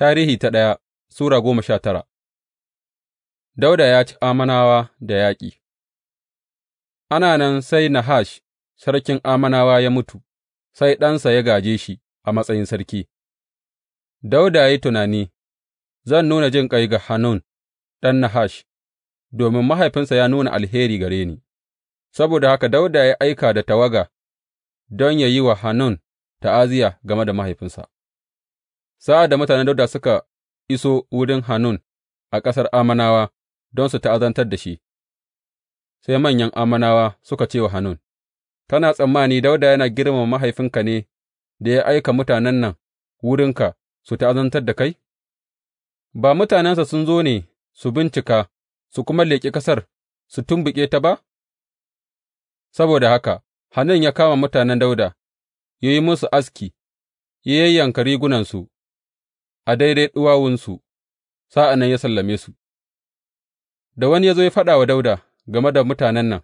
Tarihi ta ɗaya Sura goma sha tara Dauda ya ci amanawa da yaƙi Ana nan sai Nahash sarkin amanawa ya mutu, sai ɗansa ya gāje shi a matsayin sarki. Dauda ya yi tunani, Zan nuna jin ƙai ga Hanun ɗan Nahash, domin mahaifinsa ya nuna alheri gare ni. Saboda haka Dauda ya aika da tawaga don ya yi wa Hanun ta'aziyya game da mahaifinsa. Sa'ad da mutanen Dawuda suka iso wurin Hanun a ƙasar Ammonawa don su ta'azantar da shi, sai manyan Ammonawa suka ce wa Hanun, Kana tsammani Dawuda yana girmama mahaifinka ne da ya aika mutanen nan wurinka su ta'azantar da kai? Ba mutanensa sun zo ne su bincika su kuma leƙi ƙasar su tumbuƙe ta ba? Saboda haka, Hanun ya kama mutanen Dawuda, ya yi musu aski, ya yayyanka rigunansu. a daidai ɗuwawunsu, sa'an nan ya sallame su, da wani ya zo ya faɗa wa Dawuda game da mutanen nan,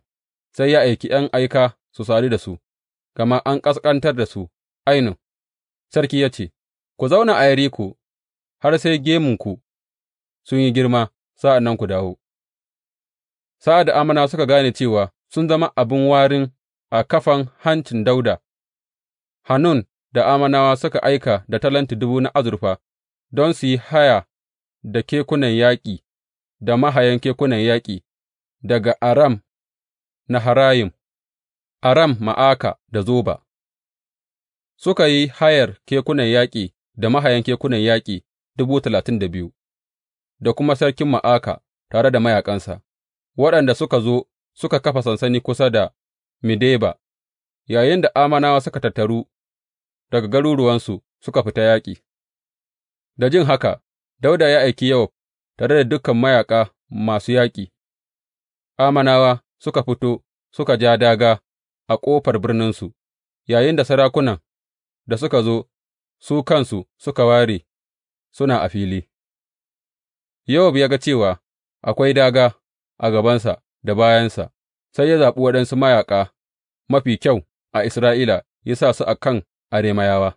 sai ya aiki ’yan aika su sadu da su, gama an ƙasƙantar da su ainun, sarki ya ce, Ku zauna a Yeriko har sai gemunku sun yi girma, sa'an nan ku dawo. Sa'ad da amana suka gane cewa sun zama abin warin a kafan hancin Dawuda, Hanun da amanawa suka aika da talenti dubu na azurfa don su yi haya da kekunan yaƙi da mahayan kekunan yaƙi daga Aram Naharayim, Aram Ma'aka da Zoba, suka yi hayar kekunan yaƙi da mahayan kekunan yaƙi dubu talatin da biyu, da kuma sarkin Ma'aka tare da mayaƙansa, waɗanda suka zo suka kafa sansani kusa da Mideba, yayin da Ammonawa suka tattaru daga garuruwansu suka fita yaƙi. Da jin haka, Dawuda ya aiki Yowab tare da dukan mayaƙa masu yaƙi, Ammonawa suka fito suka ja daga a ƙofar birninsu, yayinda sarakunan da suka zo su kansu suka ware suna a fili. Yowab ya ga cewa akwai daga a gabansa da bayansa, sai ya zaɓi waɗansu mayaƙa mafi kyau a Isra'ila ya sa su a kan Arameyawa.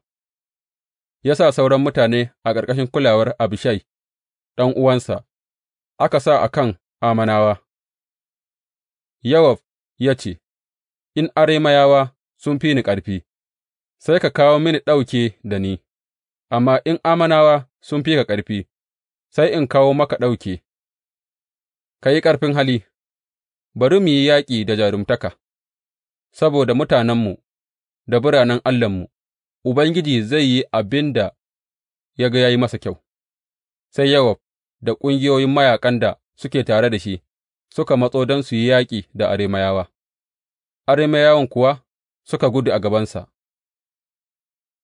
ya sa sauran mutane a ƙarƙashin kulawar Abishai ɗan'uwansa, aka sa a kan amanawa. Yowab ya ce, In Arameyawa sun fi ni ƙarfi, sai ka kawo mini ɗauke da ni, amma in amanawa sun fi ka ƙarfi, sai in kawo maka ɗauke, ka yi ƙarfin hali, bari mu yi yaƙi da jarumtaka, saboda mutanenmu da biranen Allahnmu. Ubangiji zai yi abin da ya ga ya yi masa kyau, sai Yowab da ƙungiyoyin mayaƙan da suke tare da shi suka matso don su yi yaƙi da Arameyawa, Arameyawan kuwa suka gudu a gabansa.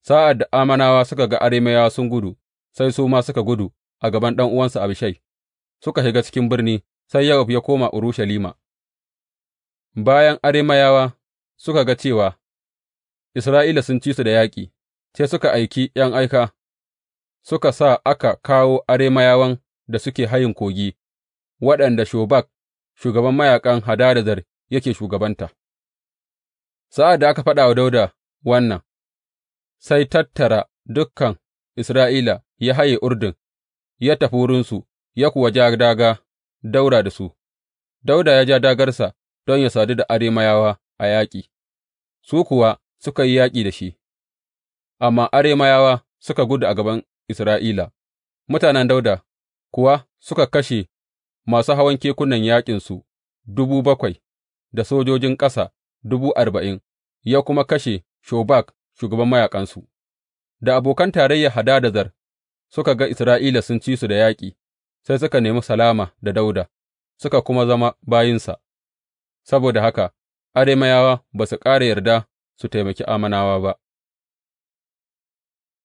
Sa'ad da Ammonawa suka ga Arameyawa sun gudu, sai su ma suka gudu a gaban ɗan'uwansa Abishai, suka shiga cikin birni, sai Yowab ya koma Urushalima. Bayan Arameyawa suka ga cewa Isra'ila sun ci su da yaƙi, sai suka aiki ’yan aika, suka sa aka kawo aremayawan da suke hayin kogi, waɗanda Shobak, shugaban mayaƙan Hadadazar yake shugabanta. Sa'ad da aka faɗa wa Dawuda wannan, sai tattara dukkan Isra'ila ya haye Urdun, ya tafi wurinsu, ya kuwa ja daga daura da su, Dauda ya ja dagarsa don ya sadu da aremayawa a yaƙi, su kuwa suka yi yaƙi da shi, amma Arameyawa suka gudu a gaban Isra'ila, mutanen Dawuda kuwa suka kashe masu hawan kekunan yaƙinsu dubu bakwai da sojojin ƙasa dubu arba'in, ya kuma kashe Shobak shugaban mayaƙansu. Da abokan tarayyar Hadadazar suka ga Isra'ila sun ci su da yaƙi, sai suka nemi salama da Dawuda, suka kuma zama bayinsa, saboda haka Arameyawa ba su ƙara yarda su taimaki Ammonawa ba.